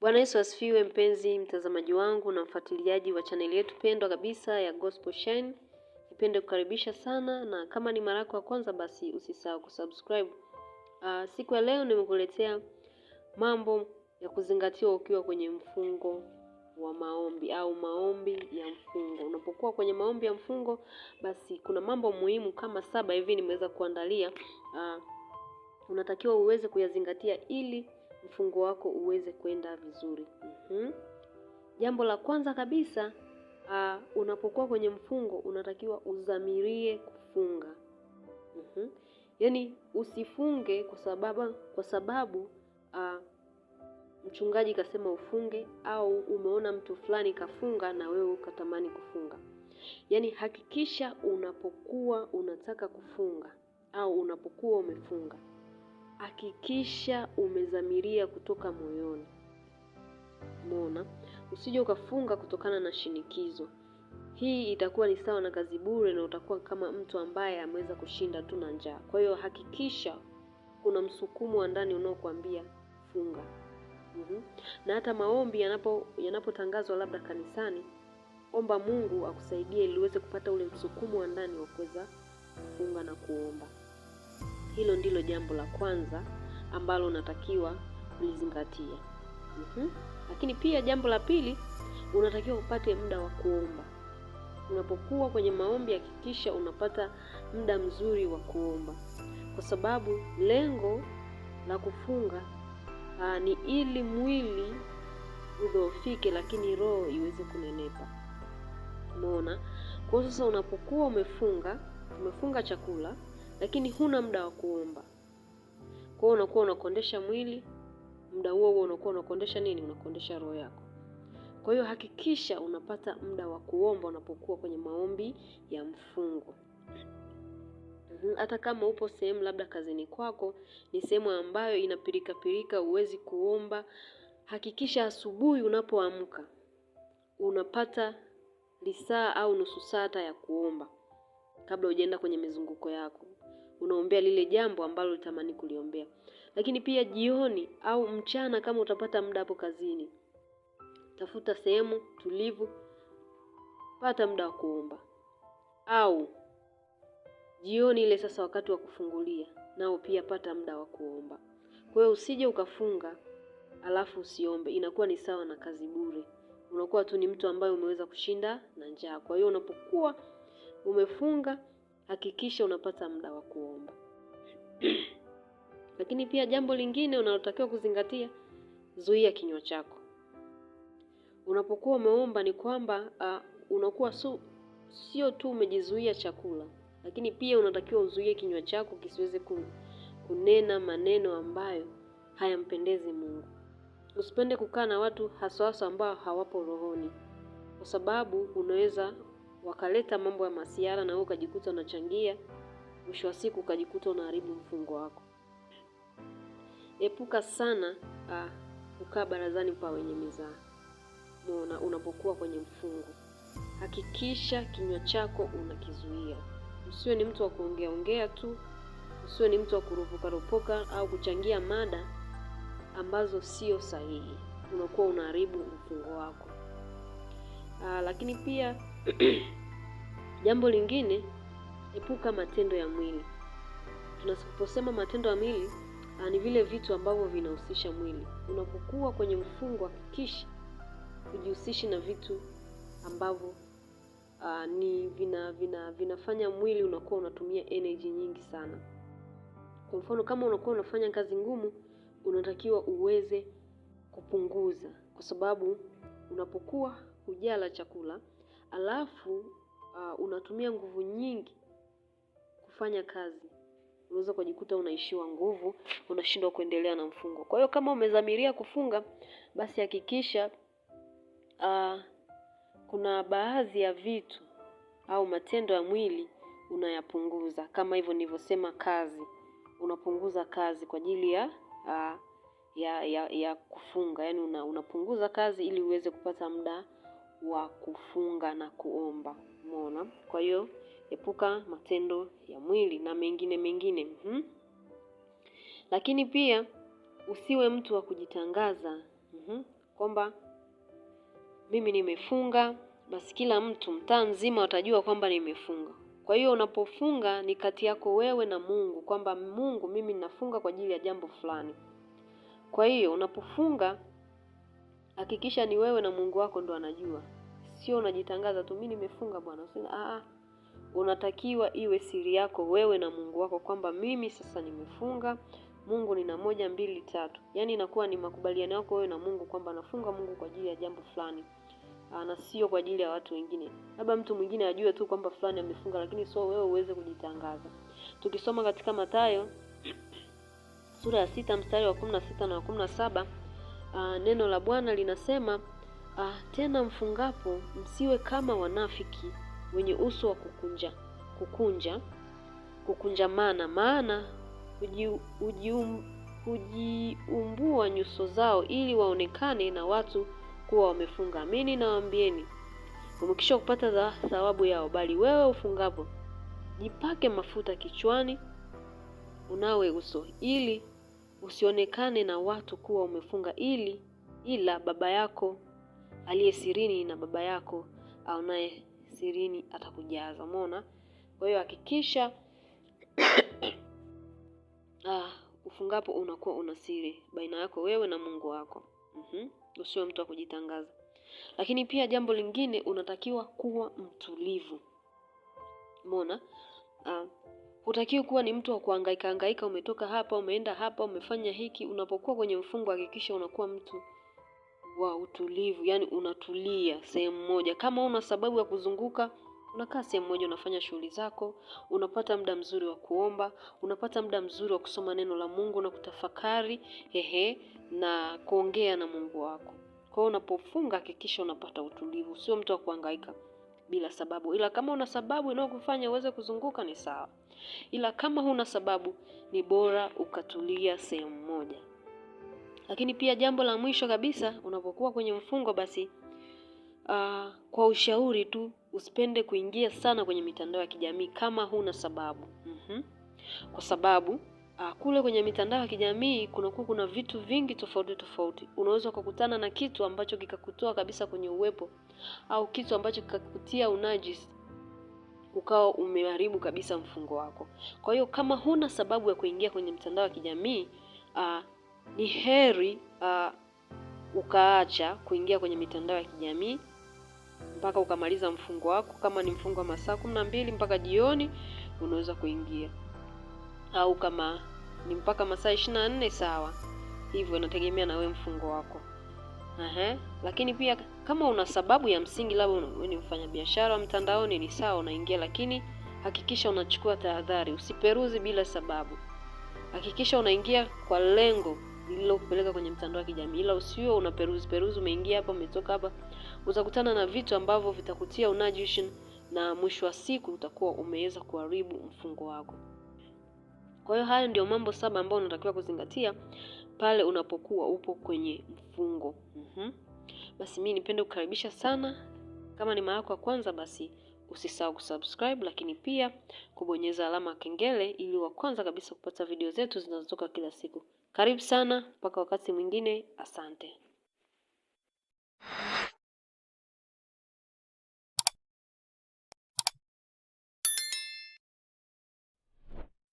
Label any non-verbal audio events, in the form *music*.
Bwana Yesu asifiwe, mpenzi mtazamaji wangu na mfuatiliaji wa chaneli yetu pendwa kabisa ya Gospel Shine. Nipende kukaribisha sana, na kama ni mara yako ya kwanza, basi usisahau kusubscribe. Uh, siku ya leo nimekuletea mambo ya kuzingatiwa ukiwa kwenye mfungo wa maombi au maombi ya mfungo. Unapokuwa kwenye maombi ya mfungo, basi kuna mambo muhimu kama saba hivi nimeweza kuandalia, uh, unatakiwa uweze kuyazingatia ili mfungo wako uweze kwenda vizuri. Mm-hmm. Jambo la kwanza kabisa uh, unapokuwa kwenye mfungo unatakiwa udhamirie kufunga. Mm-hmm. Yaani usifunge kwa sababu kwa sababu uh, mchungaji kasema ufunge au umeona mtu fulani kafunga na wewe ukatamani kufunga. Yaani hakikisha unapokuwa unataka kufunga au unapokuwa umefunga hakikisha umezamiria kutoka moyoni. Mona, usije ukafunga kutokana na shinikizo. Hii itakuwa ni sawa na kazi bure, na utakuwa kama mtu ambaye ameweza kushinda tu na njaa. Kwa hiyo hakikisha kuna msukumo wa ndani unaokuambia funga. -hmm. Na hata maombi yanapo yanapotangazwa labda kanisani, omba Mungu akusaidie ili uweze kupata ule msukumo wa ndani wa kuweza kufunga na kuomba. Hilo ndilo jambo la kwanza ambalo unatakiwa kulizingatia. Mm-hmm. Lakini pia jambo la pili, unatakiwa upate muda wa kuomba. Unapokuwa kwenye maombi, hakikisha unapata muda mzuri wa kuomba, kwa sababu lengo la kufunga aa, ah, ni ili mwili udhoofike, lakini roho iweze kunenepa. Umeona? Kwa sasa unapokuwa umefunga, umefunga chakula lakini huna muda wa kuomba. Kwa hiyo unakuwa unakondesha mwili, muda huo huo unakuwa unakondesha nini? Unakondesha roho yako. Kwa hiyo hakikisha unapata muda wa kuomba unapokuwa kwenye maombi ya mfungo. Mm-hmm. Hata kama upo sehemu labda kazini kwako ni sehemu ambayo inapirika pirika, huwezi kuomba, hakikisha asubuhi unapoamka unapata lisaa au nusu saa ya kuomba kabla hujaenda kwenye mizunguko yako. Unaombea lile jambo ambalo ulitamani kuliombea. Lakini pia jioni au mchana, kama utapata muda hapo kazini, tafuta sehemu tulivu, pata muda wa kuomba. Au jioni ile sasa, wakati wa kufungulia, nao pia pata muda wa kuomba. Kwa hiyo usije ukafunga alafu usiombe, inakuwa ni sawa na kazi bure. Unakuwa tu ni mtu ambaye umeweza kushinda na njaa. Kwa hiyo unapokuwa umefunga, hakikisha unapata muda wa kuomba. *clears throat* Lakini pia jambo lingine unalotakiwa kuzingatia, zuia kinywa chako unapokuwa umeomba. Ni kwamba uh, unakuwa su, sio tu umejizuia chakula, lakini pia unatakiwa uzuie kinywa chako kisiweze kunena maneno ambayo hayampendezi Mungu. Usipende kukaa na watu haswa haswa ambao hawapo rohoni, kwa sababu unaweza wakaleta mambo ya masiara na wewe ukajikuta unachangia, mwisho wa siku ukajikuta unaharibu mfungo wako. Epuka sana ah, kukaa barazani pa wenye mizaa mona unapokuwa kwenye mfungo. Hakikisha kinywa chako unakizuia. Usiwe ni mtu wa kuongea ongea tu, usiwe ni mtu wa kuropoka ropoka au kuchangia mada ambazo sio sahihi. Unakuwa unaharibu mfungo wako. Aa, ah, lakini pia *clears throat* jambo lingine, epuka matendo ya mwili. Tunaposema matendo ya mwili ah, ni vile vitu ambavyo vinahusisha mwili. Unapokuwa kwenye mfungo, hakikisha hujihusishi na vitu ambavyo Uh, ni vina, vina vinafanya mwili unakuwa unatumia energy nyingi sana. Kwa mfano kama unakuwa unafanya kazi ngumu, unatakiwa uweze kupunguza, kwa sababu unapokuwa hujala chakula, alafu uh, unatumia nguvu nyingi kufanya kazi, unaweza ukajikuta unaishiwa nguvu, unashindwa kuendelea na mfungo. Kwa hiyo kama umezamiria kufunga, basi hakikisha uh, kuna baadhi ya vitu au matendo ya mwili unayapunguza, kama hivyo nilivyosema, kazi unapunguza kazi kwa ajili ya uh, ya, ya ya kufunga, yaani una, unapunguza kazi ili uweze kupata muda wa kufunga na kuomba. Umeona? Kwa hiyo epuka matendo ya mwili na mengine mengine. hmm Lakini pia usiwe mtu wa kujitangaza mm-hmm. kwamba mimi nimefunga, basi kila mtu mtaa mzima watajua kwamba nimefunga. Kwa hiyo unapofunga ni kati yako wewe na Mungu, kwamba Mungu, mimi ninafunga kwa ajili ya jambo fulani. Kwa hiyo unapofunga hakikisha ni wewe na Mungu wako ndo anajua sio unajitangaza tu, mimi nimefunga bwana. Ah, ah, unatakiwa iwe siri yako wewe na Mungu wako kwamba mimi sasa nimefunga Mungu nina moja mbili tatu, yaani inakuwa ni makubaliano yako wewe na Mungu kwamba nafunga Mungu kwa ajili ya jambo fulani ah, na sio kwa ajili ya watu wengine. Labda mtu mwingine ajue tu kwamba fulani amefunga, lakini sio wewe uweze kujitangaza. Tukisoma katika Mathayo sura ya sita mstari wa kumi na sita na wa kumi na saba ah, neno la Bwana linasema Ah, tena mfungapo msiwe kama wanafiki wenye uso wa kukunja kukunja kukunjamana, maana um, hujiumbua nyuso zao ili waonekane na watu kuwa wamefunga. Amini nawaambieni, wamekwisha kupata thawabu yao. Bali wewe ufungapo, jipake mafuta kichwani, unawe uso, ili usionekane na watu kuwa umefunga, ili ila Baba yako aliye sirini na baba yako aonaye sirini atakujaza. Umeona? Kwa hiyo hakikisha *coughs* ah, ufungapo unakuwa una siri baina yako wewe na Mungu wako. Mhm. Usiwe mtu wa kujitangaza. Lakini pia jambo lingine unatakiwa kuwa mtulivu. Umeona? Ah, hutakiwi kuwa ni mtu wa kuhangaika hangaika, umetoka hapa, umeenda hapa, umefanya hiki. Unapokuwa kwenye mfungo hakikisha unakuwa mtu wa utulivu, yani unatulia sehemu moja. Kama una sababu ya kuzunguka, unakaa sehemu moja, unafanya shughuli zako, unapata muda mzuri wa kuomba, unapata muda mzuri wa kusoma neno la Mungu na kutafakari, ehe, na kuongea na Mungu wako. Kwa hiyo unapofunga, hakikisha unapata utulivu, sio mtu wa kuhangaika bila sababu. Ila kama una sababu inayokufanya uweze kuzunguka ni sawa, ila kama huna sababu, ni bora ukatulia sehemu moja. Lakini pia jambo la mwisho kabisa, unapokuwa kwenye mfungo basi uh, kwa ushauri tu usipende kuingia sana kwenye mitandao ya kijamii kama huna sababu mm -hmm. Kwa sababu uh, kule kwenye mitandao ya kijamii kunakuwa kuna vitu vingi tofauti tofauti. Unaweza ukakutana na kitu ambacho kikakutoa kabisa kwenye uwepo au kitu ambacho kikakutia unajisi ukawa umeharibu kabisa mfungo wako. Kwa hiyo kama huna sababu ya kuingia kwenye mtandao wa kijamii uh, ni heri uh, ukaacha kuingia kwenye mitandao ya kijamii mpaka ukamaliza mfungo wako. Kama ni mfungo wa masaa kumi na mbili mpaka jioni unaweza kuingia, au kama ni mpaka masaa ishirini na nne sawa, hivyo inategemea na wewe mfungo wako. Aha. Lakini pia kama una sababu ya msingi, labda ni mfanyabiashara wa mtandaoni, ni sawa, unaingia, lakini hakikisha unachukua tahadhari, usiperuzi bila sababu. Hakikisha unaingia kwa lengo lililokupeleka kwenye mtandao wa kijamii, ila usiwe una peruzi peruzi, umeingia hapa, umetoka hapa, utakutana na vitu ambavyo vitakutia unajishin, na mwisho wa siku utakuwa umeweza kuharibu mfungo wako. Kwa hiyo haya ndio mambo saba ambayo unatakiwa kuzingatia pale unapokuwa upo kwenye mfungo. Mm-hmm. Basi mimi nipende kukaribisha sana. Kama ni mara yako ya kwanza basi Usisahau kusubscribe, lakini pia kubonyeza alama ya kengele ili wa kwanza kabisa kupata video zetu zinazotoka kila siku. Karibu sana, mpaka wakati mwingine. Asante.